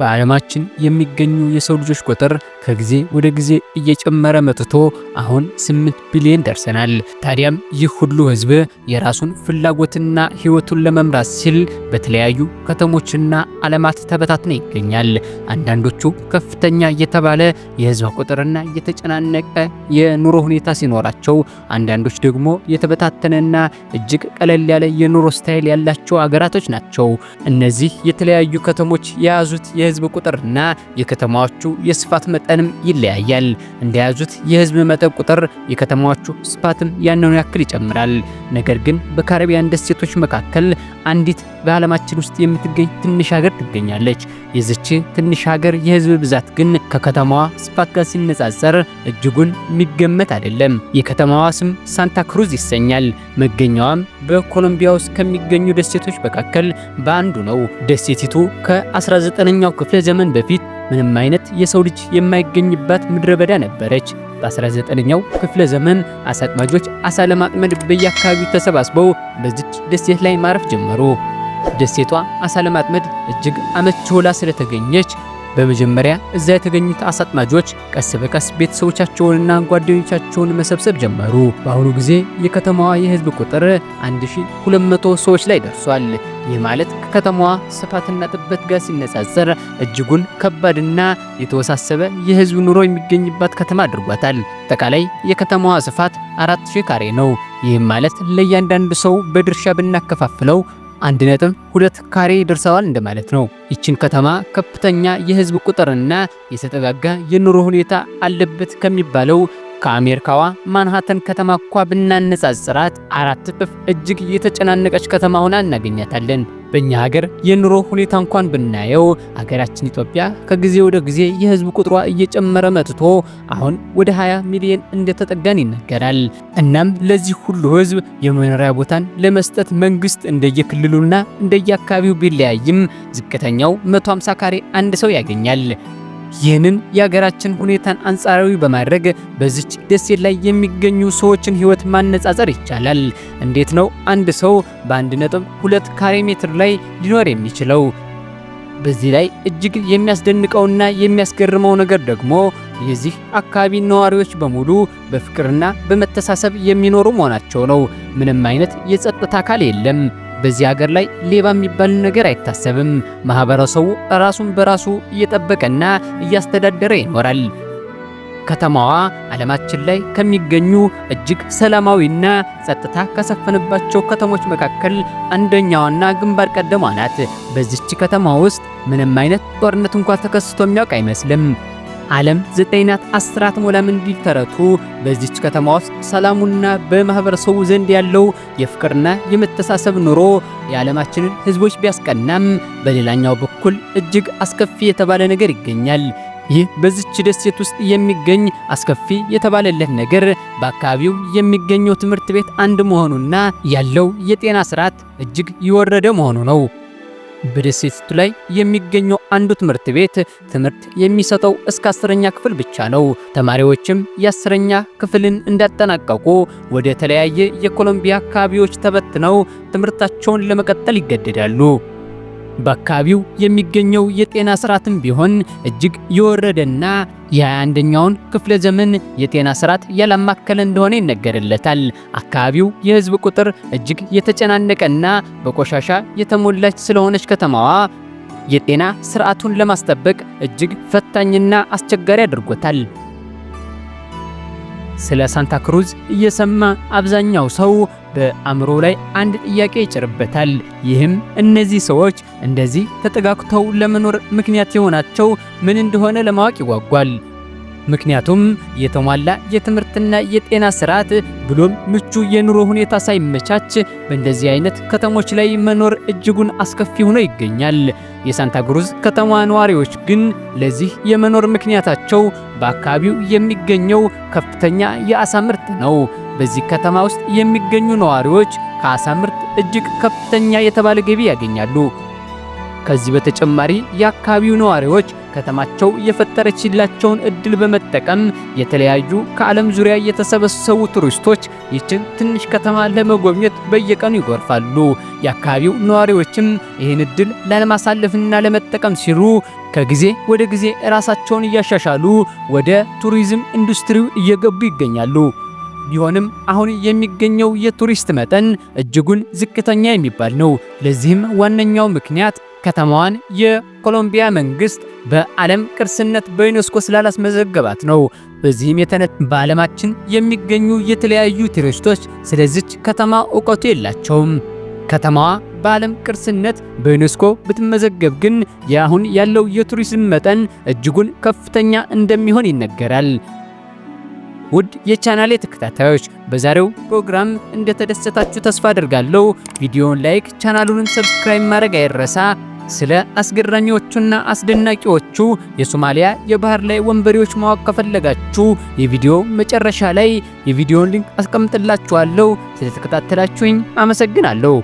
በዓለማችን የሚገኙ የሰው ልጆች ቁጥር ከጊዜ ወደ ጊዜ እየጨመረ መጥቶ አሁን 8 ቢሊዮን ደርሰናል። ታዲያም ይህ ሁሉ ህዝብ የራሱን ፍላጎትና ህይወቱን ለመምራት ሲል በተለያዩ ከተሞችና ዓለማት ተበታትነ ይገኛል። አንዳንዶቹ ከፍተኛ የተባለ የህዝብ ቁጥርና የተጨናነቀ የኑሮ ሁኔታ ሲኖራቸው፣ አንዳንዶች ደግሞ የተበታተነና እጅግ ቀለል ያለ የኑሮ ስታይል ያላቸው አገራቶች ናቸው። እነዚህ የተለያዩ ከተሞች የያዙት የህዝብ ቁጥርና የከተማዎቹ የስፋት መጠንም ይለያያል። እንደያዙት የህዝብ መጠን ቁጥር የከተማዎቹ ስፋትም ያንኑ ያክል ይጨምራል። ነገር ግን በካሪቢያን ደሴቶች መካከል አንዲት በዓለማችን ውስጥ የምትገኝ ትንሽ ሀገር ትገኛለች። የዚች ትንሽ ሀገር የህዝብ ብዛት ግን ከከተማዋ ስፋት ጋር ሲነጻጸር እጅጉን የሚገመት አይደለም። የከተማዋ ስም ሳንታ ክሩዝ ይሰኛል። መገኛዋም በኮሎምቢያ ውስጥ ከሚገኙ ደሴቶች መካከል በአንዱ ነው። ደሴቲቱ ከ19ኛው ክፍለ ዘመን በፊት ምንም አይነት የሰው ልጅ የማይገኝባት ምድረ በዳ ነበረች። በ19ኛው ክፍለ ዘመን አሳ አጥማጆች አሳ ለማጥመድ በየአካባቢው ተሰባስበው በዚች ደሴት ላይ ማረፍ ጀመሩ። ደሴቷ አሳ ለማጥመድ እጅግ አመች ሆና ስለተገኘች በመጀመሪያ እዛ የተገኙት አሳ አጥማጆች ቀስ በቀስ ቤተሰቦቻቸውንና ጓደኞቻቸውን መሰብሰብ ጀመሩ። በአሁኑ ጊዜ የከተማዋ የህዝብ ቁጥር 1200 ሰዎች ላይ ደርሷል። ይህ ማለት ከከተማዋ ስፋትና ጥበት ጋር ሲነጻጸር እጅጉን ከባድና የተወሳሰበ የህዝብ ኑሮ የሚገኝባት ከተማ አድርጓታል። አጠቃላይ የከተማዋ ስፋት 4000 ካሬ ነው። ይህም ማለት ለእያንዳንዱ ሰው በድርሻ ብናከፋፍለው አንድ ነጥብ ሁለት ካሬ ይደርሰዋል እንደማለት ነው። ይችን ከተማ ከፍተኛ የህዝብ ቁጥርና የተጠጋጋ የኑሮ ሁኔታ አለበት ከሚባለው ከአሜሪካዋ ማንሃተን ከተማ እኳ ብናነጻጽራት አራት እጥፍ እጅግ የተጨናነቀች ከተማ ሆና እናገኛታለን። በእኛ ሀገር የኑሮ ሁኔታ እንኳን ብናየው ሀገራችን ኢትዮጵያ ከጊዜ ወደ ጊዜ የህዝብ ቁጥሯ እየጨመረ መጥቶ አሁን ወደ 20 ሚሊዮን እንደተጠጋን ይነገራል። እናም ለዚህ ሁሉ ህዝብ የመኖሪያ ቦታን ለመስጠት መንግስት እንደየክልሉና እንደየአካባቢው ቢለያይም ዝቅተኛው 150 ካሬ አንድ ሰው ያገኛል። ይህንን የሀገራችን ሁኔታን አንጻራዊ በማድረግ በዚች ደሴት ላይ የሚገኙ ሰዎችን ህይወት ማነጻጸር ይቻላል። እንዴት ነው አንድ ሰው በአንድ ነጥብ ሁለት ካሬ ሜትር ላይ ሊኖር የሚችለው? በዚህ ላይ እጅግ የሚያስደንቀውና የሚያስገርመው ነገር ደግሞ የዚህ አካባቢ ነዋሪዎች በሙሉ በፍቅርና በመተሳሰብ የሚኖሩ መሆናቸው ነው። ምንም አይነት የጸጥታ አካል የለም። በዚህ ሀገር ላይ ሌባ የሚባል ነገር አይታሰብም። ማህበረሰቡ ራሱን በራሱ እየጠበቀና እያስተዳደረ ይኖራል። ከተማዋ ዓለማችን ላይ ከሚገኙ እጅግ ሰላማዊና ጸጥታ ከሰፈነባቸው ከተሞች መካከል አንደኛዋና ግንባር ቀደሟ ናት። በዚች ከተማ ውስጥ ምንም አይነት ጦርነት እንኳ ተከስቶ የሚያውቅ አይመስልም። ዓለም ዘጠኝ አስራት ሞላም እንዲል ተረቱ በዚች ከተማ ውስጥ ሰላሙና በማህበረሰቡ ዘንድ ያለው የፍቅርና የመተሳሰብ ኑሮ የዓለማችንን ህዝቦች ቢያስቀናም በሌላኛው በኩል እጅግ አስከፊ የተባለ ነገር ይገኛል። ይህ በዚች ደሴት ውስጥ የሚገኝ አስከፊ የተባለለት ነገር በአካባቢው የሚገኘው ትምህርት ቤት አንድ መሆኑና ያለው የጤና ስርዓት እጅግ የወረደ መሆኑ ነው። በደሴቲቱ ላይ የሚገኘው አንዱ ትምህርት ቤት ትምህርት የሚሰጠው እስከ አስረኛ ክፍል ብቻ ነው። ተማሪዎችም የአስረኛ ክፍልን እንዳጠናቀቁ ወደ ተለያየ የኮሎምቢያ አካባቢዎች ተበትነው ትምህርታቸውን ለመቀጠል ይገደዳሉ። በአካባቢው የሚገኘው የጤና ስርዓትም ቢሆን እጅግ የወረደና የ21ኛውን ክፍለ ዘመን የጤና ስርዓት ያላማከለ እንደሆነ ይነገርለታል። አካባቢው የህዝብ ቁጥር እጅግ የተጨናነቀና በቆሻሻ የተሞላች ስለሆነች ከተማዋ የጤና ስርዓቱን ለማስጠበቅ እጅግ ፈታኝና አስቸጋሪ አድርጎታል። ስለ ሳንታ ክሩዝ እየሰማ አብዛኛው ሰው በአእምሮ ላይ አንድ ጥያቄ ይጭርበታል። ይህም እነዚህ ሰዎች እንደዚህ ተጠጋግተው ለመኖር ምክንያት የሆናቸው ምን እንደሆነ ለማወቅ ይጓጓል። ምክንያቱም የተሟላ የትምህርትና የጤና ስርዓት ብሎም ምቹ የኑሮ ሁኔታ ሳይመቻች በእንደዚህ አይነት ከተሞች ላይ መኖር እጅጉን አስከፊ ሆኖ ይገኛል። የሳንታ ክሩዝ ከተማ ነዋሪዎች ግን ለዚህ የመኖር ምክንያታቸው በአካባቢው የሚገኘው ከፍተኛ የአሳ ምርት ነው። በዚህ ከተማ ውስጥ የሚገኙ ነዋሪዎች ከአሳ ምርት እጅግ ከፍተኛ የተባለ ገቢ ያገኛሉ። ከዚህ በተጨማሪ የአካባቢው ነዋሪዎች ከተማቸው የፈጠረችላቸውን እድል በመጠቀም የተለያዩ ከዓለም ዙሪያ የተሰበሰቡ ቱሪስቶች ይችን ትንሽ ከተማ ለመጎብኘት በየቀኑ ይጎርፋሉ። የአካባቢው ነዋሪዎችም ይህን እድል ላለማሳለፍና ለመጠቀም ሲሉ ከጊዜ ወደ ጊዜ ራሳቸውን እያሻሻሉ ወደ ቱሪዝም ኢንዱስትሪው እየገቡ ይገኛሉ። ቢሆንም አሁን የሚገኘው የቱሪስት መጠን እጅጉን ዝቅተኛ የሚባል ነው። ለዚህም ዋነኛው ምክንያት ከተማዋን የኮሎምቢያ መንግስት በዓለም ቅርስነት በዩኔስኮ ስላላስመዘገባት ነው። በዚህም የተነት በዓለማችን የሚገኙ የተለያዩ ቱሪስቶች ስለዚች ከተማ እውቀቱ የላቸውም። ከተማዋ በዓለም ቅርስነት በዩኔስኮ ብትመዘገብ ግን የአሁን ያለው የቱሪዝም መጠን እጅጉን ከፍተኛ እንደሚሆን ይነገራል። ውድ የቻናሌ ተከታታዮች በዛሬው ፕሮግራም እንደተደሰታችሁ ተስፋ አድርጋለሁ። ቪዲዮውን ላይክ፣ ቻናሉን ሰብስክራይብ ማድረግ አይረሳ። ስለ አስገራሚዎቹና አስደናቂዎቹ የሶማሊያ የባህር ላይ ወንበዴዎች ማወቅ ከፈለጋችሁ የቪዲዮ መጨረሻ ላይ የቪዲዮን ሊንክ አስቀምጥላችኋለሁ። ስለተከታተላችሁኝ አመሰግናለሁ።